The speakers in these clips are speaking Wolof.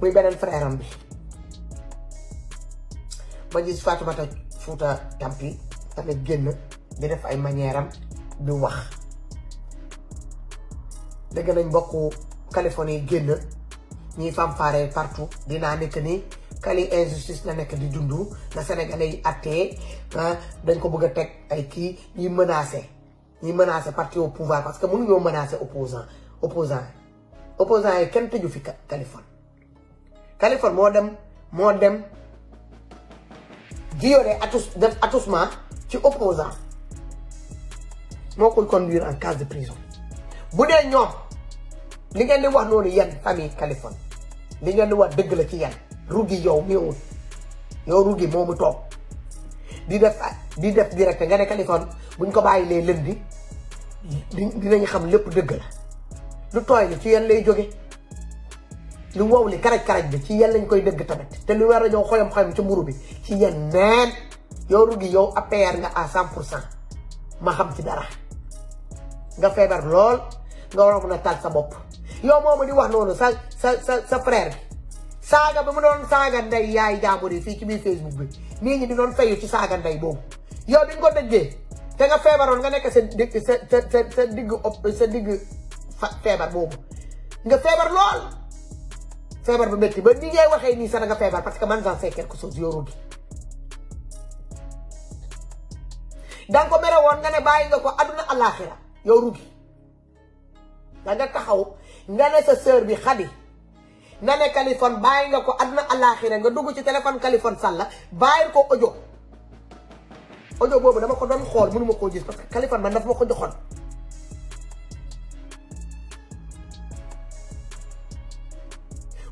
muy benen frère bi ma Fatoumata Fouta Tampi tamit génn di def ay manière wax nañ Californie génn pas partout dinaa nekk ni Kali injustice la nekk di dund na Sénégalais yi ah, dañ ko bëgg a ay kii ñi menacé ñi menacé parti au pouvoir parce que mënuñoo menacé opposant opposant opposant yi kenn fi Californie Kaliphone moo dem moo dem violer atus def attouchement ci opposant moo koy conduire en case de prison bu dee ñoom li ngeen di wax noonu yen famille Kaliphone li ngeen di wax dëgg la ci yan Rugi yow miwul yow Rugi mu toog di def di def direct nga ne Kaliphone buñ ko bàyyi lee lëndi dinañ xam lépp dëgg la lu tooy li ci yen lay joge lu wow li karaj karaj bi ci yeen lañ koy deug tamit te lu wara ñoo xoyam xoyam ci muru bi ci yeen neen yow rugi yow APR nga a 100% ma xam ci dara nga febar lol nga waro mëna tal sa bop yow momo di wax nonu sa sa sa, sa frère saga ba mu don saga nday yaay jaamur yi fii ci bi facebook bi ni ñi di doon fayu ci saga nday boobu yow bi ko dëjjee te nga febaron nga nek sa digg sa sa sa digg sa digg febar boobu nga febar lol feebar bu métti ba ni ngay waxee nii sax da nga feebar parce que man j'en sais quelque chose yoru bi danga ko mere woon nga ne bàyyi nga ko adduna alaxira yow rugi da nga taxaw nga ne sa sœur bi xadi nga ne Kaliphone bàyyi nga ko adduna alaxira nga dugg ci téléphone Kaliphone la bàyyi ko audio audio boobu dama ko doon xool mënuma koo gis parce que Kaliphone man dafa ma ko joxoon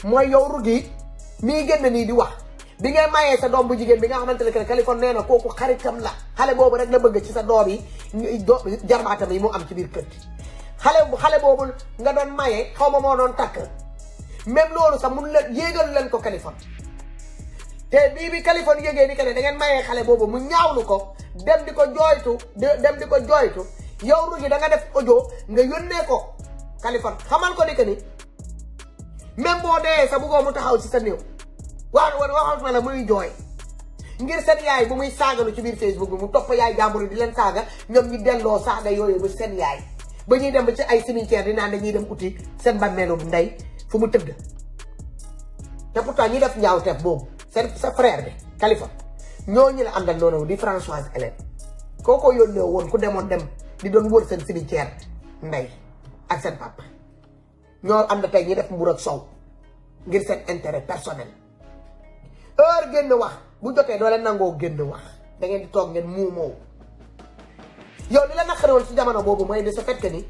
mooy yow rugi mii génn nii di wax bi ngay mayee sa doom bu jigéen bi nga xamante ne que Kaliphone nee na kooku xaritam la xale boobu rek la bëgg ci sa doom yi do jarbaatam yi mu am ci biir kër gi xale xale boobu nga doon maye xaw ma moo doon takk même loolu sax mun leen leen ko Kaliphone te bii bi Kaliphone yégee ni que ne da ngeen mayee xale boobu mu ñaawlu ko dem di ko jooytu dem di ko jooytu yow rugi da nga def audio nga yónnee ko Kaliphone xamal ko ni que ni même boo dee sa bëggoo mu taxaw ci sa néew waaw wa waxatuma la muy jooy ngir seen yaay bu muy saagalu ci biir Facebook bi mu topp yaay jàmbur di leen saaga ñoom ñi delloo saaga yooyu ba seen yaay ba ñuy dem ba ci ay cimetière di naan dañuy dem uti seen bàmmeelu ndey fu mu tëdd te pourtant ñi def ñaawteef boobu seen sa frère bi Khalifa ñooñu la àndal noonu di Françoise Hélène kooko yónnee woon ku demoon dem di doon wër seen cimetière ndey ak ñoo am na tey ñi def mburu ak soow ngir seen intérêt personnel heure génn wax bu jotee doo leen nangoo génn wax dangeen toog ngeen muumoo yow li la naqarewoon ci jamono boobu mooy ne sa fait que ni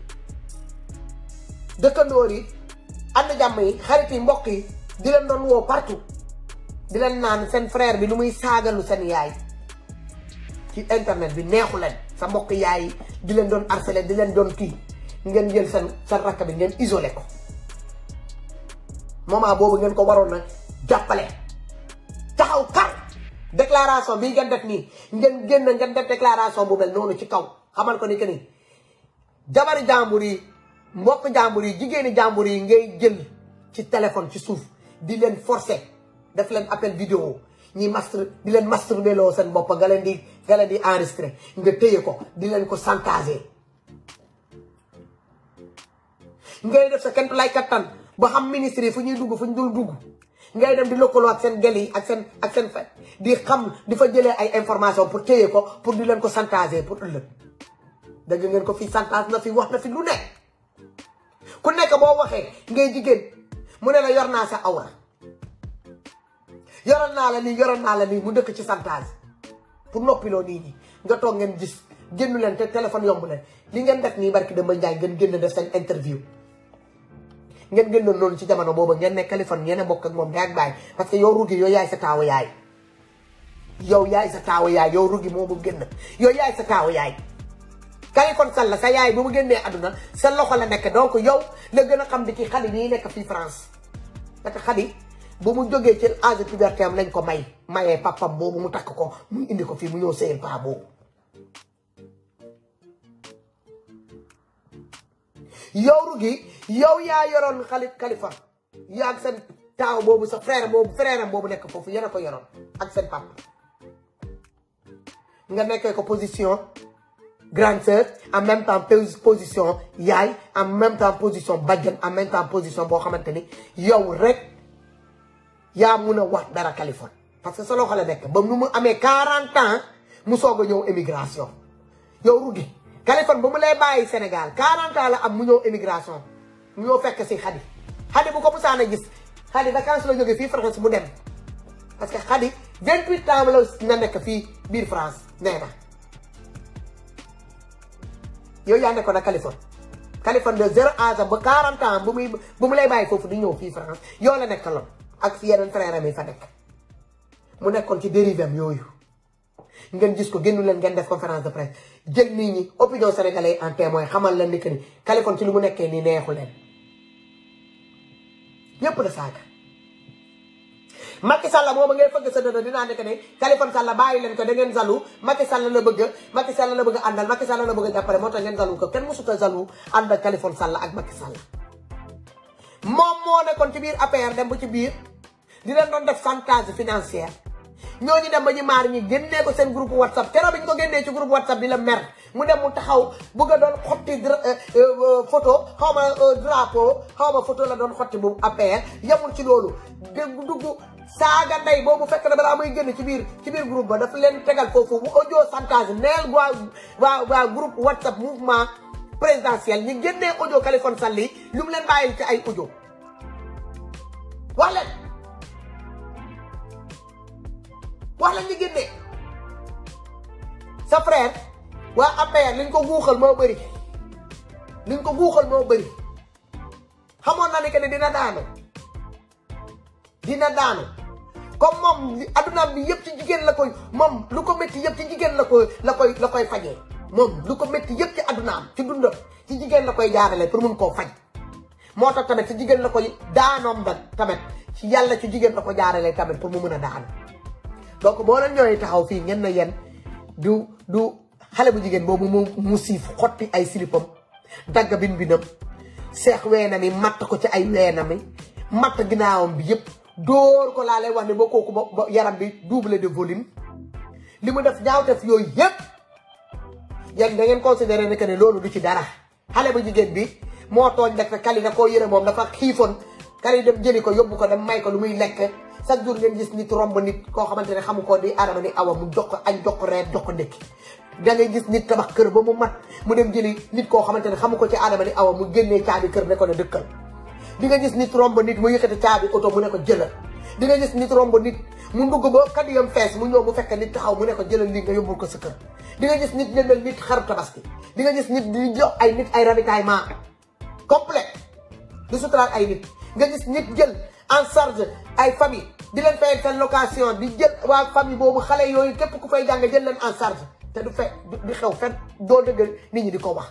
dëkkandoor yi ànd jàmm yi xarit yi mbokk yi di leen doon woo partout di leen naan seen frair bi nu muy saagalu seen yaay ci internet bi neexu leen sa mbokk yaay di leen doon harcelé di leen doon kii ngeen jël seen seen rakk bi ngeen isolé ko moment boobu ngeen ko waroon na jàppale taxaw kar declaration bi ngeen def nii ngeen génn ngeen def déclaration bu mel noonu ci kaw xamal ko ni que ni jabari jàmbur yi mbokk jàmbur yi jigéeni jàmbur yi ngay jël ci téléphone ci suuf di leen forcer def leen appel vidéo ñi mastre di leen mastre loo seen bopp nga leen di nga leen di nga téye ko di leen ko chantager ngay def sa kentu lay kattan ba xam ministre fu ñuy dugg fu ñu dul dugg ngay dem di lokkolo ak sen gel yi ak sen ak sen fa di xam di fa jëlé ay information pour téyé ko pour di leen ko santager pour ëllëg dëgg ngeen ko fi santage na fi wax na fi lu nekk ku nekk bo waxé ngay jigen mu ne la yor sa awra yoroon la ni yoroon la ni mu dëkk ci santage pour noppiloo nit ni nga tok ngeen gis gennu leen te téléphone yomb leen li ngeen def ni barki dama njaay gën gën def interview ngeen génnoon loolu ci jamono boobu ngeen ne Kaliphone ngeen a bokk ak moom daag baay parce que yow Rougui yow yaay sa taaw yaay yow yaay sa taaw yaay yow Rougui moo bu génn yow yaay sa taaw yaay Kaliphone Sall sa yaay bu mu génnee àdduna sa loxo la nekk donc yow la gën a xam di ci xale yi nekk fii France parce que xale mu jógee ci âge puberté lañ ko may mayee papam boobu mu takk ko mu indi ko fii mu ñëw sëyal paa boobu yow Rougui yow yaa yoroon xali Khalifa yaa taaw boobu sa frère boobu frère boobu nekk foofu yéen a ko yoroon ak seen papa nga nekkee ko position grande sœur en même temps position yaay en même temps position bajjan en même temps position boo xamante ni yow rek yaa mun a wax dara Khalifa parce que sa loxo la nekk ba nu mu amee 40 ans mu soog a ñëw émigration yow Kaliphone ba mu lay bàyyi Sénégal 40 ans la am mu ñëw émigration mu ñëw fekk si Khady Khady bu ko musaan a gis Khady vacances la jógee fii France mu dem parce que Khady 28 ans la na nekk fii biir France nee na yow yaa nekkoon ak Kaliphone Kaliphone de zéro âge ba 40 ans bu muy bu mu lay bàyyi foofu di ñëw fii France yow la nekk nekkaloon ak yeneen frère am yi fa nekk mu nekkoon ci dérivé yooyu. ngeen gis ko gennu len ngeen def conférence de presse djeg nit ñi opinion sénégalais en témoin xamal leen ni que ni Kaliphone ci lu mu nekké ni neexu len ñepp la saaga Macky Sall moom ngay fëgg sa dëna dinaa nekk ne Kaliphone Sall bàyyi leen ko da ngeen zalu Macky Sall la bëgg Macky Sall la bëgg andal Macky Sall la bëgg jappalé mo tax ngeen zalu ko kenn mësuta zalu and ak Kaliphone Sall ak Macky Sall moom moo nekkoon ci biir APR dem ba ci biir di leen don def chantage financière ñoo ñooñu dem ba ñu maar ñi génnee ko seen groupe whatsapp keroog bi ñu ko génnee ci groupe whatsapp bi la mer mu dem mu taxaw bëgg a doon xotti euh, euh, photo xaw ma euh, drapeau xaw ma photo la doon xotti bu APR yemul ci loolu dégg dugg saaga ndey boobu fekk na balaa muy génn ci biir ci biir groupe ba daf leen tegal foofu bu audio chantage neel waa waa waa groupe whatsapp mouvement présidentiel ñu génnee audio Khalifa Sall yi lu mu leen bàyyil ci ay audio wax leen wax lañ la génnee sa frère waa APR liñ ko guuxal moo bëri ko guuxal moo bëri xamoon na ne que ne dina daanu dina daanu comme moom addunaam bi yëpp ci jigéen la koy moom lu ko métti yëpp ci jigéen la koy la koy la koy fajee moom lu ko metti yëpp ci addunaam ci dundam ci jigéen la koy jaarale pour mun koo faj moo tax tamit ci jigéen la koy daanoom ba tamit ci yàlla ci jigéen la ko jaarale tamit pour mu mun a daanu donc boo leen ñooy taxaw fii ngeen na yéen du du xale bu jigéen boobu mu mu siif xotti ay silipam dagg bin binam seex weenam yi matt ko ci ay weenam yi matt ginnaawam bi yëpp dóor ko laa wax ne ba kooku ba yaram bi double de volume li mu def ñaawteef yooyu yëpp yéen da ngeen considéré ne que ne loolu du ci dara xale bu jigéen bi moo tooñ nag kali da koo yëre moom dafa xiifoon kali dem jëli ko yóbbu ko dem may ko lu muy lekk sa jour ngeen gis nit romb nit ko xamantene ne xamu ko di adama ni awam mu jox ko jox ko jox ko da ngay gis nit tabax keur ba mu mat mu dem jeli nit ko xamantene ne xamu ko ci adama ni awam mu génnee caabi keur ne ko ne dekkal di nga gis nit romb nit mu yëkkati caabi auto mu ne ko jëlal di nga gis nit romb nit mu dugg ba yam fess mu ñoo mu fekk nit taxaw mu ne ko jëlal lii nga yobul ko sa keur di nga gis nit jëndal nit xar tabaski di nga gis nit di jox ay nit ay ravitaillement complet du sutral ay nit nga gis nit jël en charge ay famille di leen fayal seen location di jël waa famille boobu xale yooyu képp ku fay jàng jël leen en charge te du fe di xew fen doo dëgg nit ñi di ko wax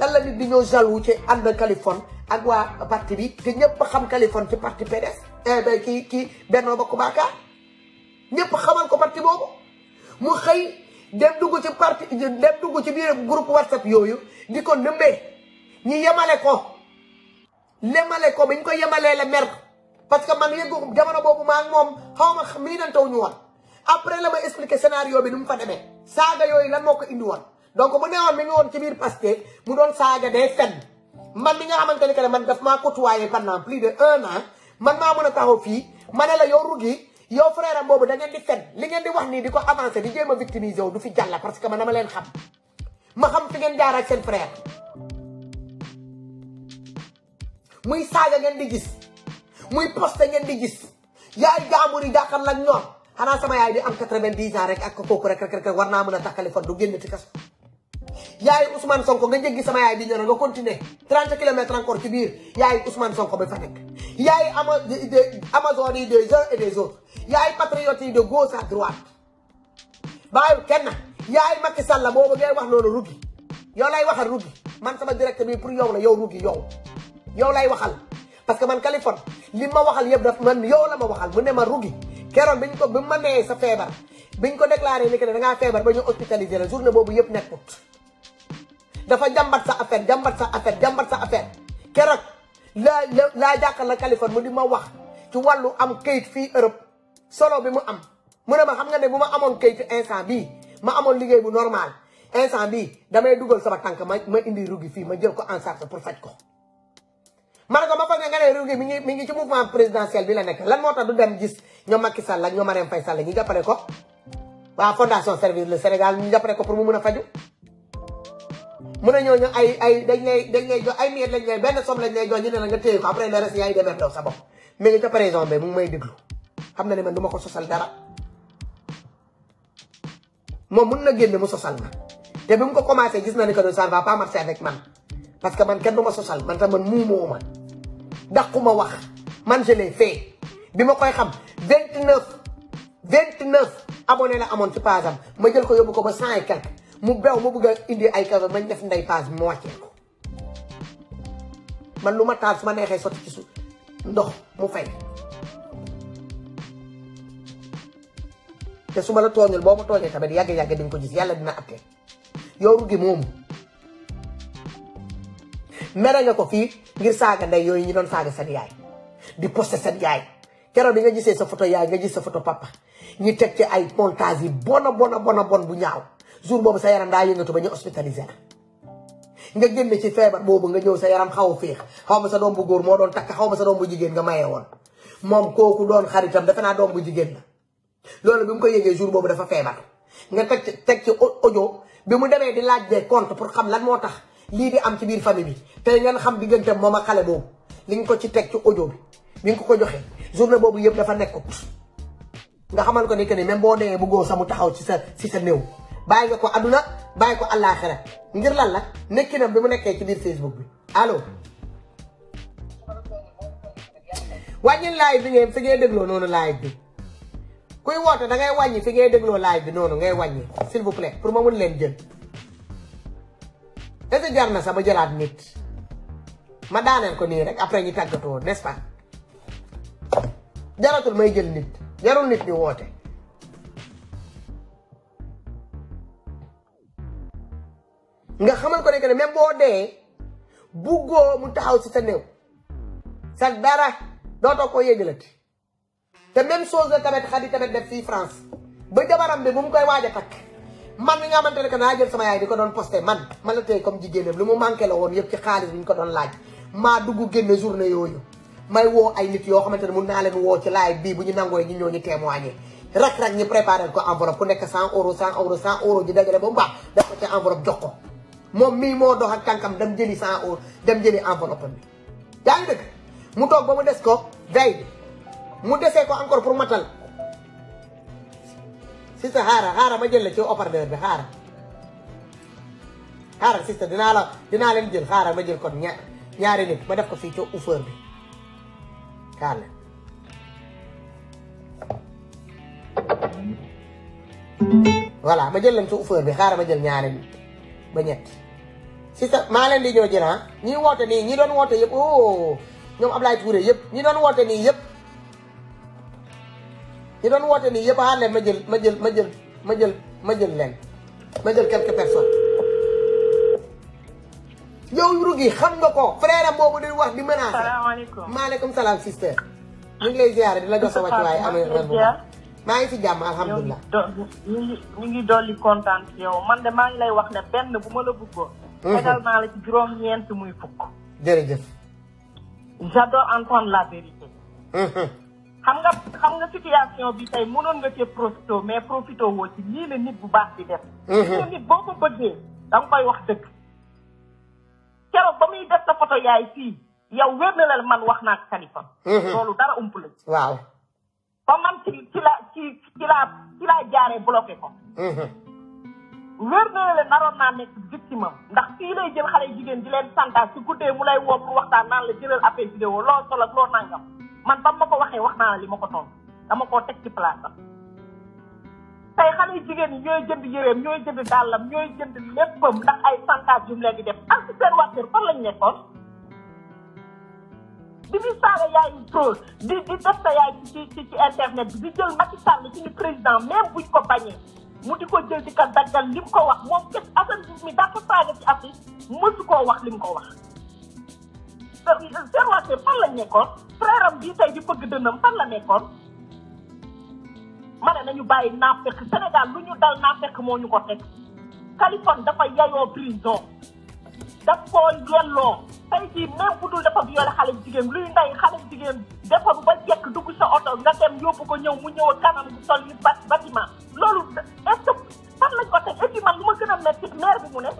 lan la nit di ñoo jaloux ci ànd Californie ak waa parti bi te ñëpp xam Californie ci parti PDS eh ba kii kii Benno Bokk Yaakaar ñëpp xamal ko parti boobu mu xëy dem dugg ci parti dem dugg ci biir groupe WhatsApp yooyu di ko nëmbee ñi yemale ko lemale ko bi ñu ko yemalee la mer parce que man yëngu jamono boobu maa moom xaw ma miinantaw ñu woon après la ma expliqué scénario bi nu mu fa demee saaga yooyu lan moo ko indi woon donc mu newoon mi ngi woon ci biir Pastef mu doon saaga des fenn man mi nga xamante ne que man daf ma côtoyé pendant plus de un an man fii ma ne la yow Rougui yow boobu da ngeen di li ngeen di wax nii di ko avancé di jéem a wu du fi jàlla parce que man leen xam ma xam fi ngeen jaar ak seen frère muy saaga ngeen di gis muy poste ngeen di gis yaay jaamur yi jàkkaar nag ñoom xanaa sama yaay di am 90 ans rek ak kooku rek rek rek war naa mën a takkale fan du génn ci kaso yaay Ousmane Sonko nga jéggi sama yaay di ñëw nga continuer 30 kilomètres encore ci biir yaay Ousmane Sonko ba fa nekk yaay ama Amazone yi des uns et des autres yaay patriotes yi de gauche a droite bàyyiwul kenn yaay Macky Sall boobu ngay wax loolu ruggi yow lay waxal ruggi man sama direct bi pour yow la yow ruggi yow yow lay waxal. parce iya que man califon li ma waxal yeb daf man yow la ma waxal mu ne ma rugi keroog biñ ko bi ma sa feebar biñ ko déclarer ni que da nga feebar ba ñu hospitaliser la journée bobu yeb nekkut dafa jambat sa affaire jambat sa affaire jambat sa affaire keroog la la jakk la califon mu di ma wax ci walu am kait fi Europe solo bi mu am mu ne ma xam nga ne buma amone amoon kayitu instant bi ma amone liguey bu normal instant bi damay duggal sama tank ma indi rugi fi ma jël ko en charge pour fajj ko ma ne ko ma foog nga ne réew mi ngi mi ngi ci mouvement présidentiel bi la nekk lan moo tax du dem gis ñoom Macky Sall ak ñoom Marème Faye Sall ñi jàppale ko waa fondation Servir le Sénégal ñu jàppale ko pour mu mën a faju mu ne ñooñu ay ay dañ dañ lay jox ay miet lañ lay benn somme lañ lay jox ñu ne la nga téye ko après le reste yaay demee daw sa bopp may déglu xam na ne man ma ko sosal dara moom mun na génn mu sosal ma te bi mu ko commencé gis na ne que ça ne va pas marcher avec man parce que man kenn du ma sosal man sax man muumoo ma dàquma wax man je l'ai bi ma koy xam 29 29 abonné la amoon ci page ma jël ko yóbbu ko ba cent et quelque mu bew ma bëgg indi ay kawe mañ def ndey page mu wàccee ko man lu ma taal su ma neexee sotti ci su ndox mu fay te su ma la tooñul boo ma tooñee tamit yàgg-yàgg di ko gis yàlla dina atte yow rugi moomu mere nga ko fi ngir saga nday yoy ñi doon saga seen yaay di posté seen yaay kéro bi nga gisé sa photo yaay nga gis photo papa ñi tek ci ay montage bono bona bona bona bon bu ñaaw jour bobu sa yaram daa yëngatu ba ñu hospitaliser la nga génn ci fièvre bobu nga ñëw sa yaram xaw a xaw sa doom bu goor mo doon tak xaw ma sa doom bu jigéen nga maye won mom koku doon xaritam dafa na doom bu jigéen la lolu bimu ko yëgee jour bobu dafa fièvre nga tek ci audio bimu démé di laaj dé compte pour xam lan motax lii di am ci biir famille bi tey ngeen xam diggante moom ak xale boobu li nga ko ci teg ci audio bi bi nga ko ko joxee journée boobu yëpp dafa nekkut nga xamal ko ni que ni boo dee bëggoo sa mu taxaw ci sa ci sa néew bàyyi nga ko aduna bàyyi ko àllaaxira ngir lan la nekkinam bi mu nekkee ci biir Facebook bi allo. wàññil live bi ngeen fi ngay dégloo noonu live bi kuy woote da ngay wàññi fi ngay dégloo live bi noonu ngay wàññi s'il vous plaît pour ma leen jël. dese jar na sax ba jëlaat nit ma daaneel ko nii rek après ñu tàggatoo n'est-ce pas jaratul may jël nit jarul woote nga xamal ko ne que ne même boo dee buggoo mu taxaw si sa néew sa dara dootoo ko yëgalati te même chose la tamit xadi tamit def fii France ba jabaram bi bu mu koy waaj a takk man mi nga xamante ne que naa jël sama yaay di ko doon posté man man la tey comme jigéenam li mu manqué la woon yëpp ci xaalis bi ñu ko doon laaj maa dugg génne journée yooyu may woo ay nit yoo xamante ne mun naa leen woo ci laay bii bu ñu nangoo ñu ñëw ñu témoigner rak-rak ñu préparé ko enveloppe ku nekk 100 euros 100 euros 100 euros ji dajale ba mu baax def enveloppe jox ko moom mii moo dox ak tànkam dem jëli 100 euros dem jëli enveloppe bi yaa ngi mu toog ba mu des ko day mu desee ko encore pour matal sista xaara xaara ma jël la ci opérateur bi xaara xaara sista dinaa la dinaa leen jël xaara ma jël kon ña ñaari nit ma def ko fii ci uffeur bi xaar leen voilà ma jël leen ci uffeur bi xaara ma jël ñaari nit ba ñett sista maa leen di ñëw jël ah ñi woote nii ñi doon woote yëpp o oh, ñoom Ablaye Touré yëpp ñi doon woote nii yëpp ñi doon woote nii yëpp ma jël ma jël ma jël ma jël ma jël leen ma jël quelques personnes yow Rougui xam nga ko frère am boobu di wax di menacé. salaamaaleykum maaleykum salaam sister. ñu lay ziare di la jox sa wàccuwaay amee ren maa ngi ci jàmm alhamdulilah. ñu ngi ñu ngi dolli kontaan yow man de maa ngi lay wax ne benn bu ma la bëggoon. tegal la ci juróom-ñeent muy fukk. jërëjëf. j'adore entendre la vérité. xam nga xam nga situation bi tey mënoon nga cee profito mais profité woo ci lii la nit bu baax di def. lii nit boo ko bëggee da nga koy wax dëgg. keroog ba muy def sa photo yaay fii yow wér na la man wax naa Khalifa. loolu dara ump la. waaw. ba man ci ci la ci ci la ci la jaaree bloqué ko. wér na la naroon naa nekk victime ndax fii lay jël xale jigéen di leen santaas su guddee mu lay woo pour waxtaan naan la jëlal appel vidéo solo ak nangam. man bam ma ko waxee wax naa li ma ko toog dama koo teg ci place am tey xale yu jigéen ñi ñooy jënd yëreem ñooy jënd dàllam ñooy jënd léppam ndax ay chantage yu mu leen di def ak si seen wàcteur fan lañ nekkoon di di saaga yaayu troll di di def sa yaay ci ci internet bi di jël Macky Sall ci ni président même buñ ko bañee mu di ko jël di ko daggal li mu ko wax moom kese Assane Diouf mi dafa saaga ci Afrique mësu koo wax li mu ko wax Jean Wacem fan lañ nekkoon frère am bii tey di bëgg dënnam fan la nekkoon ma nañu bàyyi naafekk Sénégal lu ñu dal naafekk moo ñu ko teg Kaliphone dafa yayoo prison daf koo yelloo tey jii même bu dul dafa violé xale jigéen luy ndey xale jigéen defaru ba jekk dugg sa oto nga dem yóbbu ko ñëw mu ñëw kanam bi sol yi bâtiment loolu est-ce que ko teg et lu ma gën a metti maire mu ne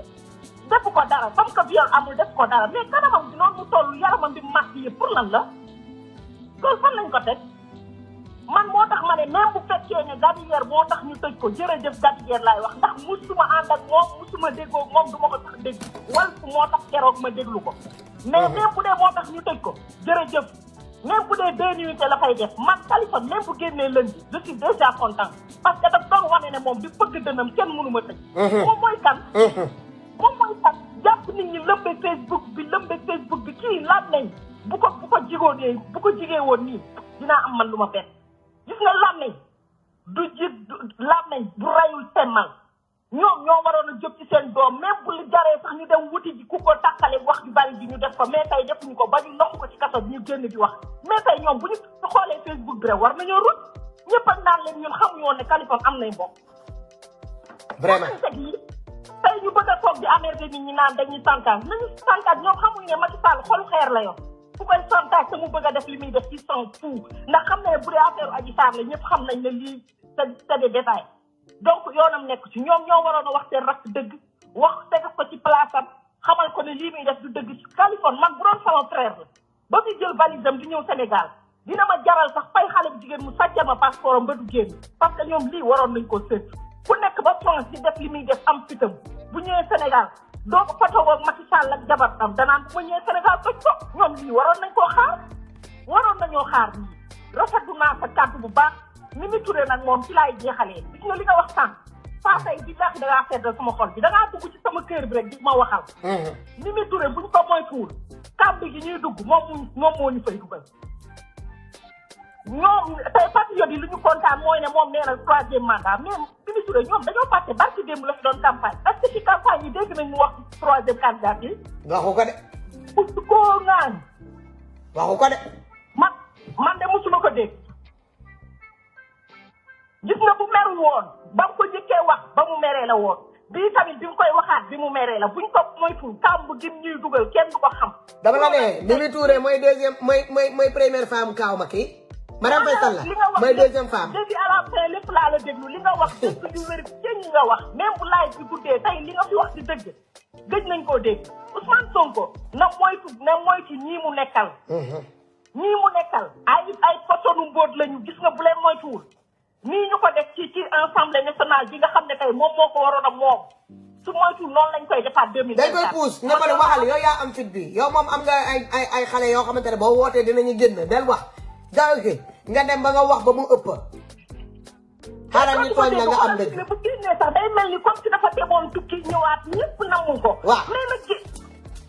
def ko dara comme que viol amul def ko dara mais kanamam bi noonu mu toll yaramam bi màcc yi pour lan la loolu fan lañ ko teg man moo tax ma ne même bu fekkee ne Gadiaga moo tax ñu tëj ko jërëjëf Gadiaga laay wax ndax musuma ànd ak moom musuma déggoo moom du ko tax dégg wal moo tax keroog ma déglu ko mais mhm. même bu dee moo tax ñu tëj ko jërëjëf même bu dee deux minutes la fay def man Khalifa même bu génnee lundi je suis déjà content parce que daf doon wane ne mënu ma tëj mhm. nit ñi lëmbe Facebook bi lëmbe Facebook bi kii laaj nañ bu ko bu ko jigoonee bu ko jigee woon nii dinaa am man lu ma bett gis nga làmmiñ du jig làmmiñ bu rayul semmal ñoom ñoo waroon a jóg ci seen doom même bu li jaree sax ñu dem wuti ji ku ko takkale wax ju bari ji ñu def ko mais tey defuñu ko ba ñu ndox ko ci kaso bi ñu génn di wax mais tey ñoom bu ñu xoolee Facebook bi rek war nañoo rut ñëpp ak naan leen ñun xamuñu woon ne Kaliphone am nay mbokk xëy ñu bëgg a toog di amerde nit ñi naan dañuy santaat nañu santaat ñoom xamuñ ne Macky Sall xolu xeer la yor ku koy santaat te mu bëgg a def li muy def ci sang fou ndax xam ne bu dee affaire Adji Sarr la ñëpp xam nañ ne lii c'est des détails donc yoonam nekk ci ñoom ñoo waroon a wax seen rak dëgg wax teg ko ci place am xamal ko ne lii muy def du dëgg ci Californie man bu doon sama frère la ba muy jël valisam di ñëw Sénégal dina ma jaral sax fay xale bu jigéen mu sàccal ma passeport am ba parce que ñoom lii waroon nañ ko ku nekk ba France di def li muy def am fitam bu ñëwee Sénégal doo ko fotowoo ak Macky Sall ak jabar am danaan bu ma ñëwee Sénégal toj ko ñoom lii waroon nañ koo xaar waroon nañoo xaar nii rafetlu naa sa kàddu bu baax ni mu turee nag moom ci laay jeexalee gis nga li wax sànq saa tey bi laax dangaa seddal sama xol bi dangaa dugg ci sama kër bi rek di ma waxal. ni mu turee buñ ko moytuwul kàddu gi ñuy dugg moom moom moo ñu fay dugal. ñoom tey patriote yi lu kontaan mooy ne moom nee na troisième mandat mais ministre yooyu ñoom dañoo fàtte barki démb la doon campagne parce que ci campagne yi dégg nañ mu wax troisième candidat bi. waxu ko de. musu koo ŋaañ. ko man man de musuma ko dégg. gis nga bu meru woon ba mu ko jëkkee wax ba mu meree la woon bii tamit bi mu koy waxaat bi mu meree la buñ ko moytuwul kàmb gi ñuy dugal kenn du ko xam. dama la ne Mimi Touré mooy deuxième mooy mooy mooy première femme kaaw ma kii. madame Faye Sall mooy deuxième femme. depuis à la fin lépp laa nañ koo dégg Ousmane Sonko na moytu na moytu ñii mu nekkal. Mhm. ñii mu nekkal ay ay potonu mbóot lañu gis nga bu leen moytuwul nii ñu ko def ci ci bi nga xam ne tey moom moo ko waroon a moom su moytuwul noonu lañ koy defaat deux mille dañ koy puus nga mën a waxal yow yaa am fit bi yow moom am nga ay ay ay xale yoo xamante boo wootee dinañu génn del wax. gi nga dem ba nga wax ba mu ëpp. xaaral ñu tooñ la nga am dëgg. bu génnee sax day mel ni comme si dafa demoon tukki ñëwaat ñëpp nangu ko. waaw mais nag ci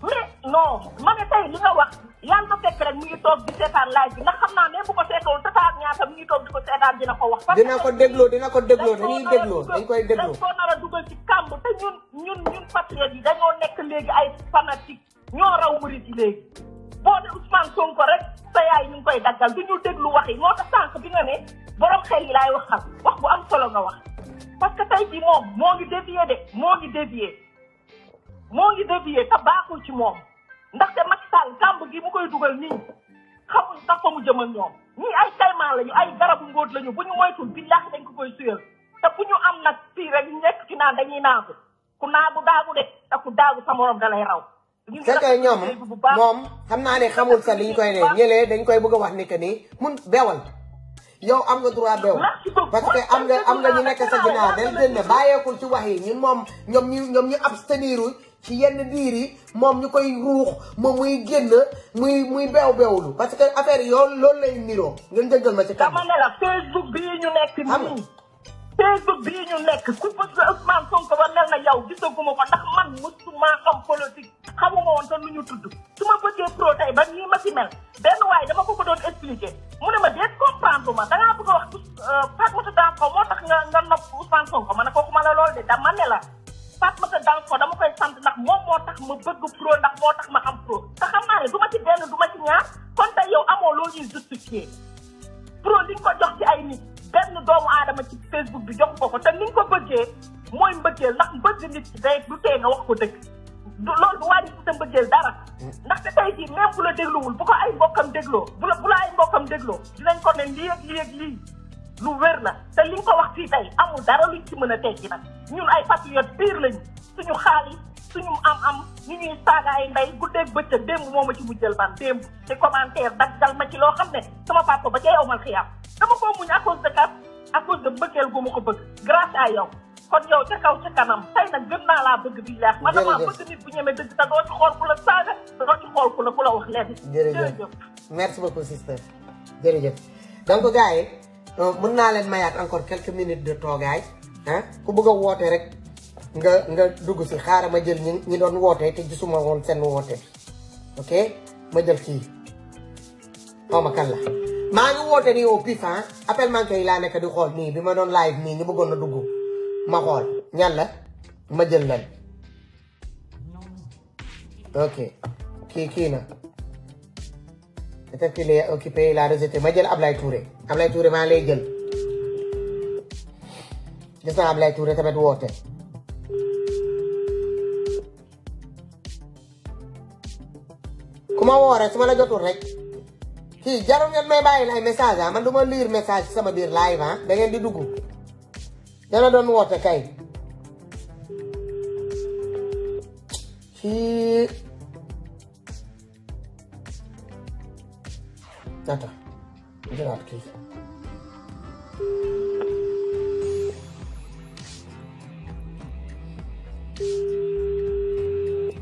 mais non ma ne li nga wax yàlla na fekk rek mu ngi toog di seetaan laaj bi na xam naa même bu ko seetoon tataar ñaata mu ngi toog di ko seetaan dina ko wax. dina ko dégloo dina ko dégloo dañuy dégloo dañ koy dégloo. dañ koo nar a dugal ci kàmb te ñun ñun ñun patriotes yi dañoo nekk léegi ay fanatique ñoo raw boo ne Ousmane Sonko rek sa yaay ñu ngi koy daggal du ñu déglu wax yi moo tax sànq bi nga ne borom xel yi laay waxal wax bu am solo nga wax. parce que tey jii moom moo ngi dévié de moo ngi dévié moo ngi dévié te baaxul ci moom ndaxte Macky Sall kàmb gi mu koy dugal nii xamul sax fa mu jëm ak ñoom ay kaymaan lañu ay garabu ngóot lañu bu ñu moytul billaahi dañ ko koy suyal te bu ñu am nag fii rek nekk ci naan dañuy naagu ku naagu daagu de te ku daagu sa morom da lay raw. c'est que ñoom moom xam naa ne xamul sa liñ koy ne ñëlee dañ koy bëgg a wax ni que mun beewal yow am nga droit beew parce que am nga am nga ñu nekk sa ginnaaw dañ leen ne bàyyeekul ci wax yi moom ñoom ñu ñoom ci yenn diir moom ñu koy ruux moom muy génn muy muy beew beewlu parce que affaire yi yow loolu lay niroo ngeen jëggal ma ci kàddu dama ne la Facebook bii ñu nekk nii Facebook bii ñu nekk ku bëgg Ousmane Sonko ba mel na yow xam politique xamuma woon sax nu ñu tudd su ma bëggee pro tey ba nii ma si mel benn waaye dama ko ko doon expliquer mu ne ma déet comprendre ma da bëgg wax euh, Fatmata Danko moo tax nga nga nopp ko la lool de dama ne la Fatmata Danko dama koy sant ndax moom moo tax ma bëgg pro ndax moo tax ma am pro te xam naa ne du ma ci benn du ma ci ñaar kon tey yow amoo loo ñuy justifier pro li nga ko jox ci ay nit benn doomu aadama ci Facebook bi jox ko ko te ni nga ko bëggee mooy mbëggeel ndax mbëgg nit day du tee nga wax ko dëgg du loolu du wàññi sa mbëggeel dara mm. ndaxte tey jii même bu la dégluwul bu ko ay mbokkam dégloo bu la bu la ay mbokkam dégloo dinañ ko ne lii ak lii ak lii lu wér na te li nga ko wax fii tey amul dara lu luñ ci mën a tekki nag ñun ay patriote pire lañu suñu xaalis suñu am-am ñu ñuy saaga ay ndey guddeeg bëccëg démb moo ma ci mujjël ban démb te commentaire daggal ma ci loo xam ne sama papa ba ca yow mal xiyam dama ko muñ à cause de kat à de ko bëgg grâce à yow kon yow ca kaw ca kanam tey nag gën naa laa bëgg bi leer man damaa bëgg nit bu ñemee dëgg te doo ci xool ku la saaga doo ci xool ku la ku la wax leen jërëjëf merci beaucoup sister jërëjëf donc gars yi euh, mën naa leen mayaat encore quelques minutes de toogaay ah ku bëgg a woote rek nga nga dugg si xaaral ma jël ñi ñi doon woote te gisuma woon seen woote bi ok ma jël kii xaw ma kan la maa ngi woote nii au pif appel manqué yi laa nekk di xool nii bi ma doon live nii ñu bëggoon na dugg ma xool ñan la ma jël leen ok kii kii na peut-être qu'il est occupé il a rejeté ma jël Ablaye Touré Ablaye Touré maa lay jël gis naa Ablaye Touré tamit woote ku ma woo rek ma la jotul rek kii jarul ngeen may message ah man du ma lire message sama biir live ah da di dugg Tell don't know what the kind. He. Nata. Get out, please.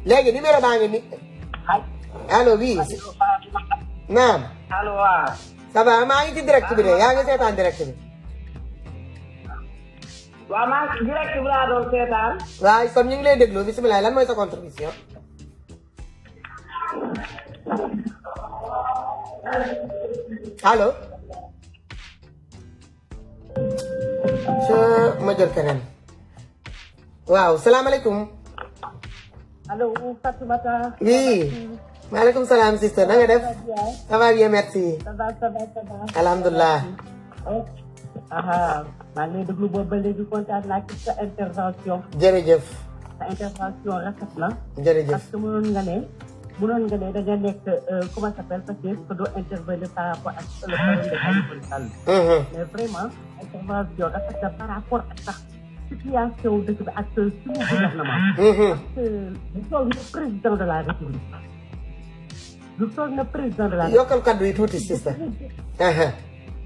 لكن دي ميرا باني الو بيس نعم الو سبا ما عندي دايركت بيه يا جدع عندي دايركت بيه waaw maa direct bi laa doon seetaan. waaw kon ñu ngi lay déglu bisimilah lan mooy sa contribution. allo. soo ma jël keneen. waaw salaamaaleykum. allo Fatoumata. oui. maaleykum salaam sister na nga va bien merci. alhamdulilah. ah maa ngi lay déglu boobu ba léegi kontaan naa ci sa intervention. jërëjëf. sa intervention rafet na. jërëjëf parce que nga ne. mënoon nga ne da nga nekk euh, comment ça s'appelle parce que doo intervenir par rapport ak le problème de Khalifa Sall. mais vraiment intervention rafet na par rapport ak sax situation dëkk bi ak suñu gouvernement. parce que lu toll na de la république. lu toll na président de la république. yokkal kaddu yi tuuti si sa.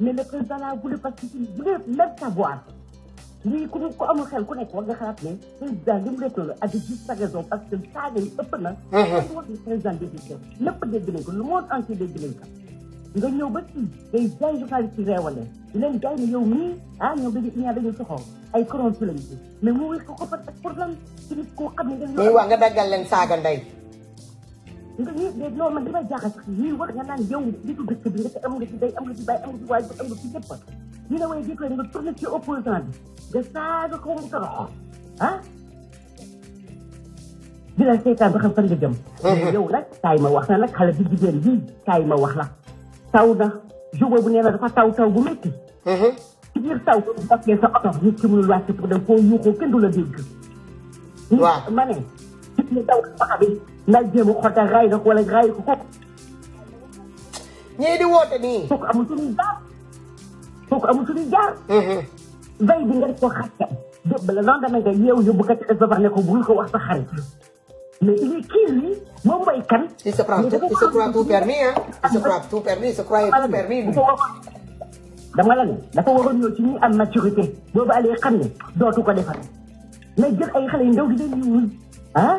mais le président a voulu parce que il voulait même savoir lii ku ko amul xel ku nekk war nga xalaat ne président li mu récolté à juste sa raison parce que saa yi ëpp na. dañu wax ne président dégg nañ ko lépp dégg nañ ko le monde entier dégg nañ ko. nga ñëw ba ci day jaay journaliste yi réewale di leen jaay ne yow mii ah ñoom dañuy ñaa dañuy soxor ay corrompu lañ ci mais mu ngi ko ko parce que problème ci nit koo xam ne. dañu wax nga daggal leen saaga ndey. nga yéeg de non man damay jaaxal sax yii wax nga naan yow nitu dëkk bi rek am nga ci day am nga ci bàyyi am nga ah? seetaan ba xam fan nga jëm mm-hmm. yow nag kaay ma wax la nag xale bi jigéen bii kaay ma wax la taw na jour boobu nee dafa taw taw bu métti mm-hmm. ci biir taw bu bokkee sa oto nit ki mënul wàcc pour dem koo yuuxoo kenn la dégg ma ne gis nga taw dafa xabi naa jéem a xool raay na ko wala raay ko kooku. ñii di woote nii. kooku amul suñuy jaar kooku amul suñuy jaar. bay bi nga def ko xàttal. démb la lendemain nga yeewu yóbbu ko ci SDF ne ko bul ko wax sa xarit. mais il est kii nii moom mooy kan. il se prend tout il se croit tout permis ah. il se croit tout permis il se croit tout permis. dama la ne dafa waroon ñëw ci ñi am maturité boobu allé xam ne dootu ko defal mais jël ay xale ndaw di leen ah.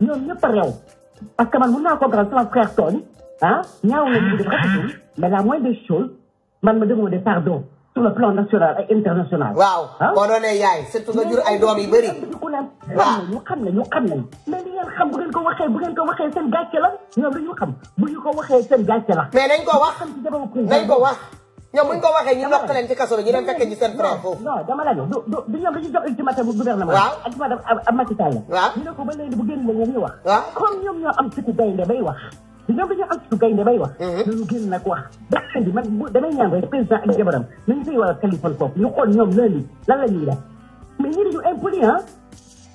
ñoom ñëpp a réew parce que man mën naa comprendre frère tooñ ñaaw la ñu def rafetul mais la moindre des choses man ma demandé pardon sur le plan national et international. waaw konoon ne yaay surtout nga jur ay doom yu bëri. ku ñu xam ne ñu xam ne mais li ngeen xam bu ngeen ko waxee bu ngeen ko waxee seen gàcce la ñoom li ñu xam bu ñu ko waxee seen gàcce la. mais nañ ko wax nañ ko wax. ñoom bu ñu ko waxee ñu lokk leen ci kaso bi ñu dem fekkee ñu seen franc foofu. non dama la ñu du du ñoom dañu jox ultimatum bu gouvernement. waaw ak madame ab Macky Sall la. waaw ñu ne ko ba léegi bu génn la ñoom ñu wax. waaw comme ñoom ñoo am sutu gaynde bay wax. ñoom dañoo am sutu gaynde bay wax. Mhm. ñu génn nag wax. ba indi man bu damay ñaan rek président ak jabaram nañu koy war a téléphone foofu ñu xool ñoom lundi lan la ñuy def mais ñii dañu impoli ah.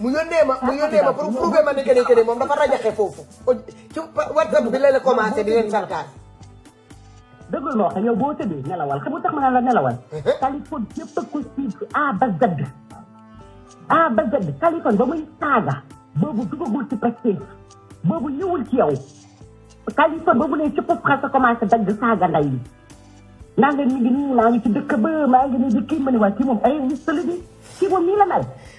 mu yónnee ma mu yónnee ma pour prouver ma ne que ne que ne moom dafa rajaxe foofu. ci whatsapp bi la la commencé di leen sarkaal. dëgg la wax yow boo tëddee nelawal xam nga tax ma naan la nelawal. Kaliphone uh-huh. yëpp a ko suivre A ba Z. A ba Z Kaliphone ba muy saaga boobu dugagul ci Pastef boobu ñëwul ci yow Kaliphone ba mu ne ci pop xasa commencé dagg saaga nday bi. naa leen mi ngi nii naa ngi ci dëkk ba maa ngi nii di kii ma ne waa kii moom ay nit sële bi kii moom nii la mel.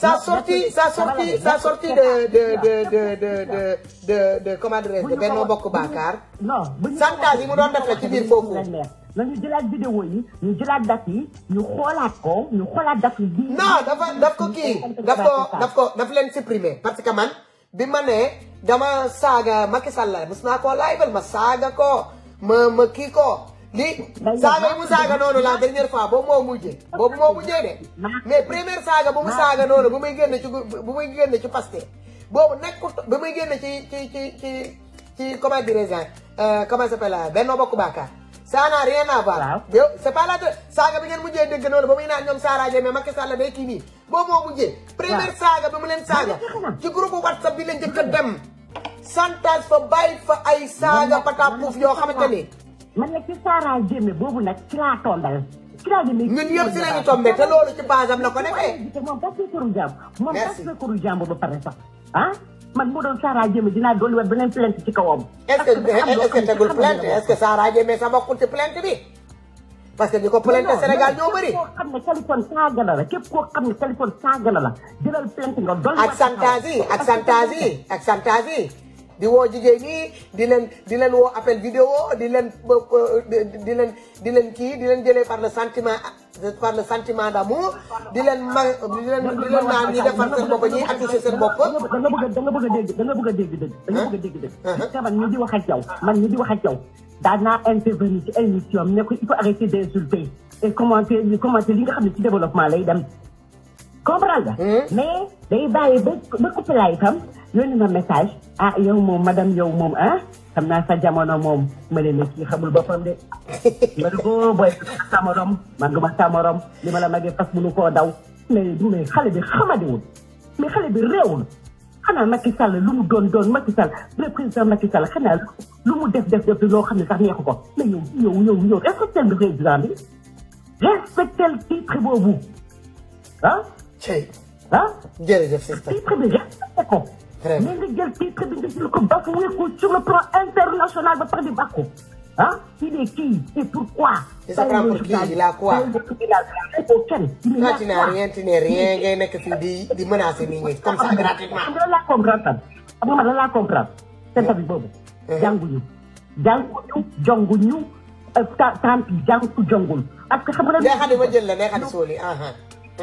ça sortie ça sortie ça sorti de de de de de de de de comment de Benno Bokk Bakar. non santage yi mu def ci vidéo nous ñu fait, ñu non dafa daf ko daf ko daf supprimer parce que man dama saga, Macky Sall ma lii saaga mu saaga noonu la dernière fois boobu moo mujjee boobu moo mujjee de mais première saaga bu mu saaga noonu bu muy génn ci bu muy génn ci Pastef boobu nekkut bu muy génn ci ci ci ci ci comment dirais-je euh, comment s'appelle euh, Benno Bokk Yaakaar ça n'a rien à voir yow saaga bi ngeen mujjee dégg noonu ba muy naan ñoom Sara Diémé Macky Sall day kii nii boobu moo mujjee première saaga bi mu leen saaga ci groupe WhatsApp bi la a dem santage fa bàyyi fa ay saaga patapouf yoo xamante man nag ci Sara Jémé boobu nag ci laa tombal. ci laa ñun ñëpp si lañu tombé te loolu ci base am la ko nekkee. moom tas na këru jàmbur. merci moom tas na këru jàmbur ba pare sax ah. man bu doon Sara Jémé dinaa dolliwaat beneen plainte ci kawam. est-ce que est-ce que tegul plainte est-ce que Sara Jémé sa bokkul ci plainte bi. parce que ñi ko plainte Sénégal ñoo bëri. képp koo xam ne Californie saaga la la képp koo xam ne Californie saaga la la jëlal plainte nga dolliwaat. ak santaas yi ak santaas yi ak santaas yi di woo jigéen ñi di leen di leen woo appel vidéo di leen euh, euh, di leen di leen kii di leen jëlee par le sentiment par le sentiment d'amour di leen ma di leen di leen naan ñi defar seen bopp ñi affiché seen bopp. da nga bëgg da nga bëgg a dégg da nga bëgg a dégg dëgg. da nga bëgg a dégg dëgg. man ñu di wax ak yow man ñu di wax ak yow daan naa intervenir ci émission am ne ko il faut arrêter d'insulter et commenter commenter li nga xam ne ci développement lay dem comprendre nga. mais day bàyyi ba ba coupé laay tam. yónni ma message ah yow moom madame yow moom ah xam naa sa jamono moom ma ne la kii xamul boppam de ma ne ko oh, booy sa morom man du ma sa morom li ma la magee fas mënu koo daw mais mais xale bi xamadiwul mais xale bi réewul xanaa Macky Sall lu mu doon doon Macky Sall président Macky Sall xanaa lu mu def def def loo xam ne sax neexu ko mais yow yow yow yow respectel bi président bi respectel titre boobu ah ah jërëjëf titre bi respecté ko Keren. Nilai kita bidil ko bako weko sur le plan international ba parler bako. Hein? Il est qui et pourquoi? Et ça prend pour qui? Il a quoi? Il a aucun. Quand tu n'as rien, tu n'es rien. Il y en a qui font des menaces minières comme ça gratuitement. Je la comprends. Abu mana la comprendre. C'est pas du bon. Janguyu. Janguyu, janguyu. Tampi, jangu, jangul. Parce que ça me donne. Il y a des gens qui sont là. Ah, ah.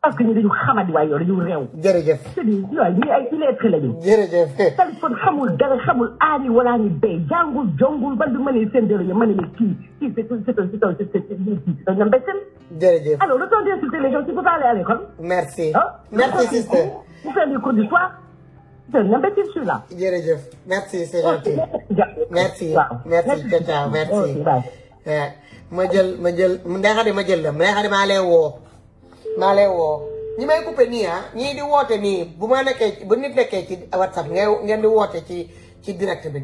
parce que ñu dañu xamat waaye yow dañu réew. jërëjëf c' est du waay ñu ay illettré lañu. jërëjëf. téléphone xamul dara xamul aani wala ñu béy jàngul jongul ban bi ma ne seen dërëjëf ma ne la kii kii c' est un c' est un c' est un c' est un ñoom béy seen. jërëjëf alors le temps d' insulter les gens tu peux pas aller à l' école. merci. ah merci sister. vous faites les cours du soir. c'est un imbécile celui-là. jërëjëf merci c' est gentil. merci merci ciao ciao merci. ma jël ma jël ndax de ma jël la ndax de maa lay woo. Nalewo, ni ñi may coupé nii di wote ni, bu ma nekke bu nit nekke ci whatsapp ngay ngeen di wote ci ci direct bi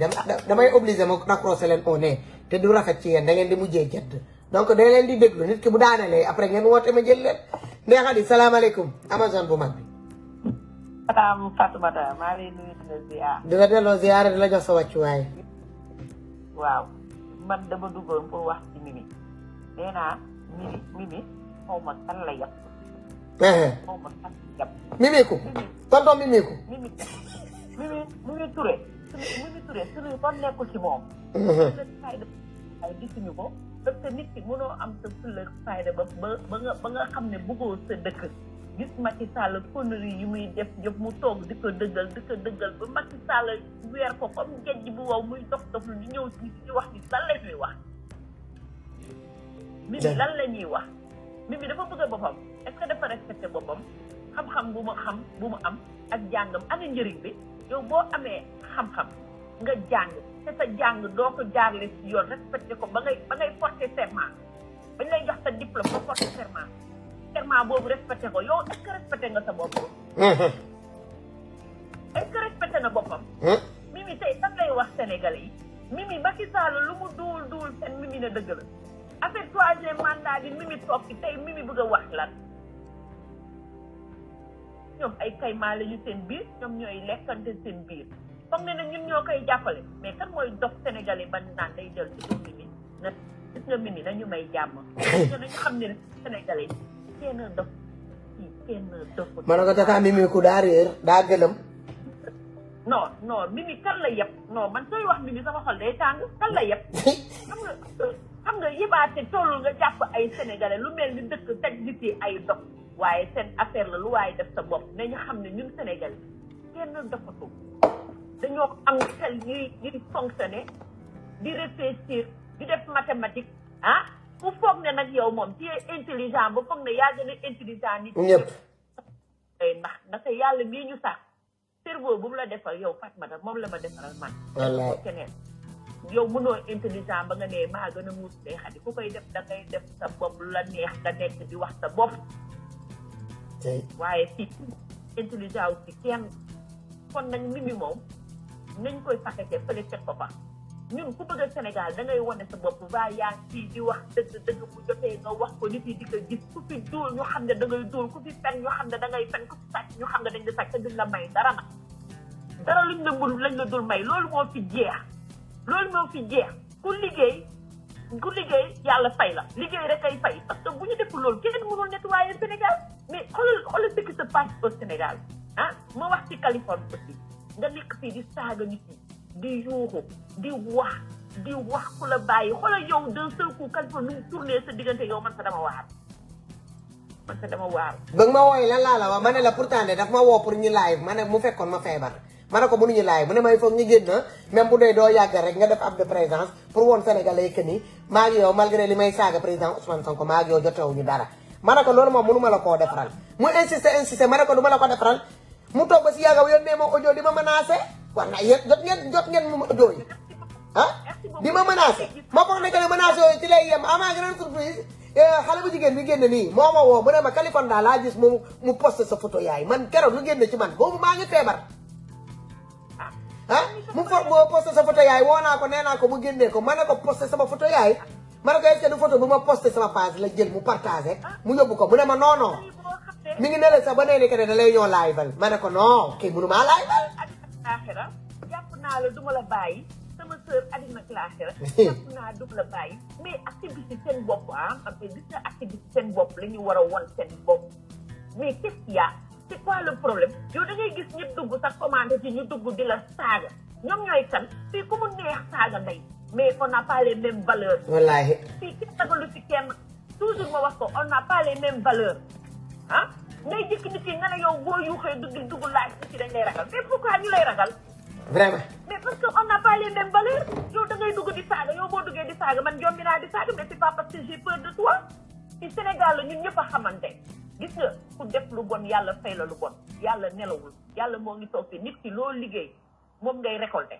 damay obligé mo raccroché leen au nez te du rafet ci yeen da ngeen di mujjé jedd donc da ngeen di déglu nit ki bu daanalee après ngeen wote ma jël leen Ndeye salam salaamaaleykum amazon bu mag bi. salaam Fatoumata ma lay nuyu di ziar. dina la delloo ziar di jox sa way waaw man dama duggal pour wax ci Mimi néna Mimi Mimi xawma tan la yapp mimiku tonton mimiku mimi mimi mimi Touré mimi Touré suñu kon nekkul ci moom ay gisuñu ko parce que nit ki mënoo am sa fulla fayda ba ba nga ba nga xam ne bëggoo sa dëkk gis Macky Sall conneries yi muy def yëpp mu toog di ko dëggal di ko dëggal ba Macky Sall weer ko comme géej bu wow muy dox dof lu ñëw ci ci wax ni lan la ñuy wax mimi lan la ñuy wax mimi dafa bëgg boppam xam-xam bu mu xam bu mu am ak jàngam a njëriñ bi yow boo amee xam-xam nga jàng te sa jàng doo ko jaarle si yoon respecté ko ba ngay ba ngay porté serment bañ lay jox sa diplôme ba porté serment serment boobu respecté ko yow est-ce nga sa bopp est-ce que respecté na boppam mimi tey sax lay wax sénégalais yi mimi Macky Sall lu mu duul duul seen mimi na dëgg la affaire troisième mandat mimi toog tey mimi bëgg a wax lan ñoom ay kaymaa la yu seen biir ñoom ñooy lekkante seen biir foog ne ne ñun ñoo koy jàppale mais kan mooy dox sénégalais ba naan day jël ci doomi mi na gis nga mini nañu may jàmm nañu xam ne sénégalais kenn dox ci kenn dox ma ne ko takaa mimi ku daa réer daa gëlëm non non mimi kan la yëpp non man sooy wax mimi sama xol day tàng kan la yëpp xam nga xam nga yibaate tollul nga jàpp ay sénégalais lu mel ni dëkk taj gisi ay dox waaye seen affaire la lu waaye def sa bopp nañu xam ne ñun Sénégal kenn dafatu dañoo am xel ñuy ñuy fonctionner di réfléchir di def mathématique ah ku foog ne nag yow moom ci intelligent ba foog ne yaa gën a yàlla mii ñu sax cerveau bu la defal yow Fatmata moom la ma defaral man wallaay keneen yow mënoo intelligent ba nga ne maa gën a muus day xadi koy def da def sa bopp la neex nga nekk di wax sa bopp waaye fii intelligent wu ci kenn kon nag mi mi moom nañ koy paqueté fële teg ko fa ñun ku bëgg Sénégal da ngay wane sa bopp waa yaa fii di wax dëgg dëgg bu jotee nga wax ko nit yi di ko gis ku fi duul ñu xam ne da ngay duul ku fi fen ñu xam ne da ngay fen ku fi sàcc ñu xam ne dañ la sàcc te duñ la may dara nag dara luñ la mbul lañ la dul may loolu moo fi jeex loolu moo fi jeex ku liggéey ku liggéey yàlla fay la liggéey rek ay fay parce que bu ñu deful loolu kenn mënul nettoyer Sénégal mais xoolal xoolal ce qui se passe au Sénégal ah ma wax ci Californie aussi nga nekk fii di saaga nit ñi di yuuxu di wax di wax ku la bàyyi xoolal yow d'un seul coup Californie mu sa diggante yow man sa dama waar man sa dama waar. ba nga ma wooyee lan laa la wax ma ne la pourtant de daf ma woo pour ñu live ma ne mu fekkoon ma feebar. ma ne ko mënuñu laay mu ne may foog ñu genn même bu dee do yag rek nga def ab de présence pour won sénégalais que ni ma ngi yow malgré limay saga président Ousmane Sonko ma ngi yow jotewuñu dara ma ko loolu moom mënu mala ko koo mu insister insister ma ko du ma la ko defaral mu tok ba yaga yàgg yónnee mo audio di menacer war na yéen jot ngeen jot ngeen mu audio yi ah di ma menacé ma foog ne que ne ci lay yem avant grande surprise xale bu jigen bi genn ni moo ma woo mu ne ma Kaliphone daal la gis mu mu posté sa photo yaay man kéro lu genn ci man bobu ma ngi feebar ah mu fo mu posté sa photo yaay woo naa ko nee naa ko mu génnee ko ma ko posté sama photo yaay ma ne ko est-ce que bu ma posté sama page la jël mu partagé mu yóbbu ko mu ne ma non non ngi ne sa sax ba nee ni que ne da lay ñoo laay ma ne ko non kii mënu maa laay bal. àxira jàpp naa la duma la bàyyi sama sœur adina claxira jàpp naa duma la bàyyi mais activité bopp ah seen bopp la war a won seen bopp a c'est quoi le problème yow da ngay gis ñëpp dugg sa commande ci ñu dugg di la saaga ñoom ñooy kan fii ku mu neex saaga ndey mais on n'a pas les mêmes valeurs. wallaahi. fii ci sagalu fi kenn toujours ma wax ko on n'a pas les mêmes valeurs ah ngay jëkk nit ki nga ne yow boo yuuxee dugg dugg laaj nit ci dañ lay ragal mais pourquoi ñu lay ragal. vraiment. mais parce que on n'a pas les mêmes yow da ngay di saaga yow boo duggee di saaga man jombi naa di saaga mais c'est pas parce que j'ai xamante. gis nga ku def lu bon yàlla fay la lu bon yàlla nelawul yàlla moo ngi toog si nit ki loo liggéey moom ngay récolté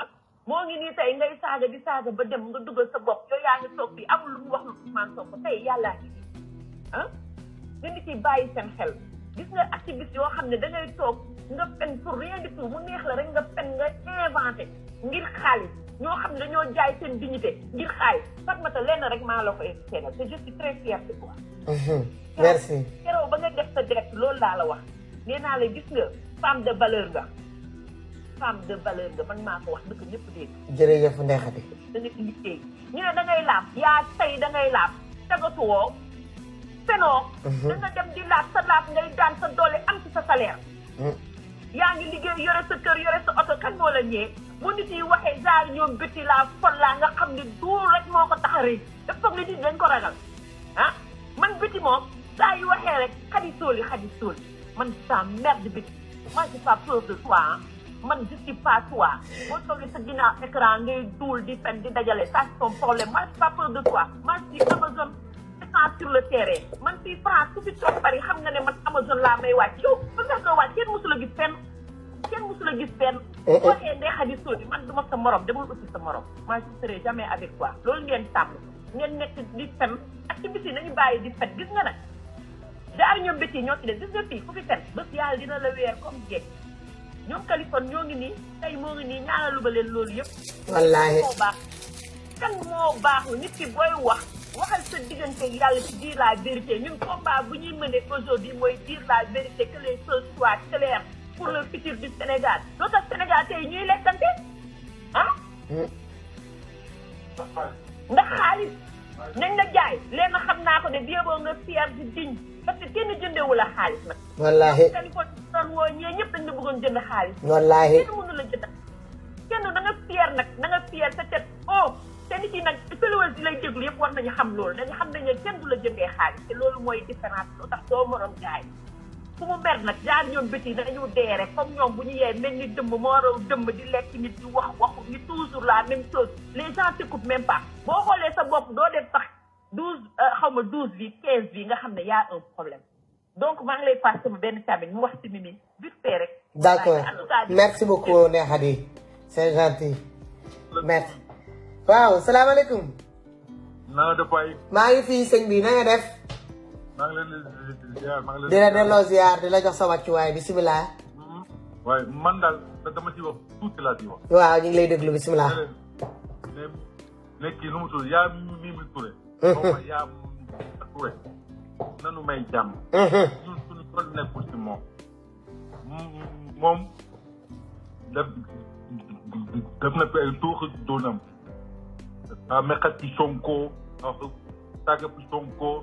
ah moo ngi nii tey ngay saaga di saaga ba dem nga dugal sa bopp yow yaa ngi toog fii amul lu mu wax Ousmane Sonko tey yàllaa ngi nii ah nga nit yi bàyyi seen xel gis nga activiste yoo xam ne da ngay toog nga pen pour rien du mu neex la rek nga pen nga inventé ngir xaalis ñoo xam ne dañoo jaay seen dignité ngir xaay Fatmata lenn rek maa la ko seedal te je très fière de toi. Mhm. merci keroog ba nga def sa direct loolu laa la wax nee naa la gis nga femme de valeur nga femme de valeur nga man maa ko wax dëgg ñëpp dégg. jërëjëf Ndexate. da nga ci liggéey ñu ne da yaa tey da ngay laaf tagatuwoo fenoo. Mhm. da dem di laaf sa laaf ngay daan sa doole am ci sa salaire. Mhm. yaa ngi liggéey yore sa kër yore sa oto kan moo la ñëwee. bu nit yi waxee genre ñoom bëtti laa fol laa nga xam ne duur rek moo ko tax a rëy dafa foog ne nit dañ ko ragal ah man bëtti moom saa yu waxee rek xadi sóoli xadi sóoli man sa merde bëtti moi je suis pas peur de toi ah man je suis pas toi boo toogee sa ginnaaw écran ngay duul di fen di dajale ça c'est ton problème moi je suis pas peur de toi moi je suis Amazon sur le terrain man fii France ku fi toog bari xam nga ne man Amazon laa may wàcc yow ba nga ko wàcc kenn mosu la gis fenn kenn mosu la gis fenn boo nee Ndeye Khady Sodi man du ma sa morom demal uti sa morom moi jamais avec toi loolu ngeen tàmm ngeen nekk di fen activité nañu bàyyi di fen gis nga nag daara ñoom bétti ñoo ci des gis nga fii ku fi fen bés yàlla dina la weer comme géej ñoom Kaliphone ñoo ngi nii tey moo ngi nii ñaanalu ba leen loolu yëpp wallaahi moo baax kan moo baax nit ki booy wax waxal sa diggante yàlla ci dire la vérité ñun combat bu ñuy mëne aujourd'hui mooy dire la pour le futur du Sénégal loo tax Sénégal tey ñuy lekkante ah. ndax xaalis nañ la jaay na xam naa ko de bieboo nga fier di diñ parce que kenn jëndewu la xaalis nag. wallaahi Californie doon woo ñee ñëpp dañ la bëggoon jënd xaalis. wallaahi kenn mënu la jënd kenn da nga fier nag da nga fier sa tête oh te nit yi nag téléwél di lay déglu yëpp war nañu xam loolu dañu xam nañu kenn du la jëndee xaalis te loolu mooy différence lu tax doo morom jaay. ku mu mer nag jaar ñoom bëti dañu dee rek comme ñoom bu ñu yee mel ni dëmm moo raw dëmm di lekk nit di wax waxu ni toujours la même chose les gens t'écoutent même pas boo xoolee sa bopp doo def sax douze euh, xaw ma douze bi quinze bi nga xam ne yaa un problème donc maa ngi lay passe sama benn tamit mu wax ci Mimi vite fait rek d'accord merci beaucoup Ndeye Khady c'est gentil merci waaw salaamaaleykum na nga def waay maa ngi fii sëñ bi na def maa ngi leen di ziar maa ngi leen di la delloo ziar di la jox sa wàccuwaay bisimilah. waaye man daal dama ci wax tuuti laa ci wax. waaw ñu ngi lay déglu bisimilah. mais mais kii nu mu tudd Touré. xaw Touré. nanu may jàmm. ñun suñu xol nekkul ci moom. moom def def na fi ay tuuxi doonam. ah meqat ci Sonko ah tàggat Sonko.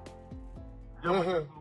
Yeah.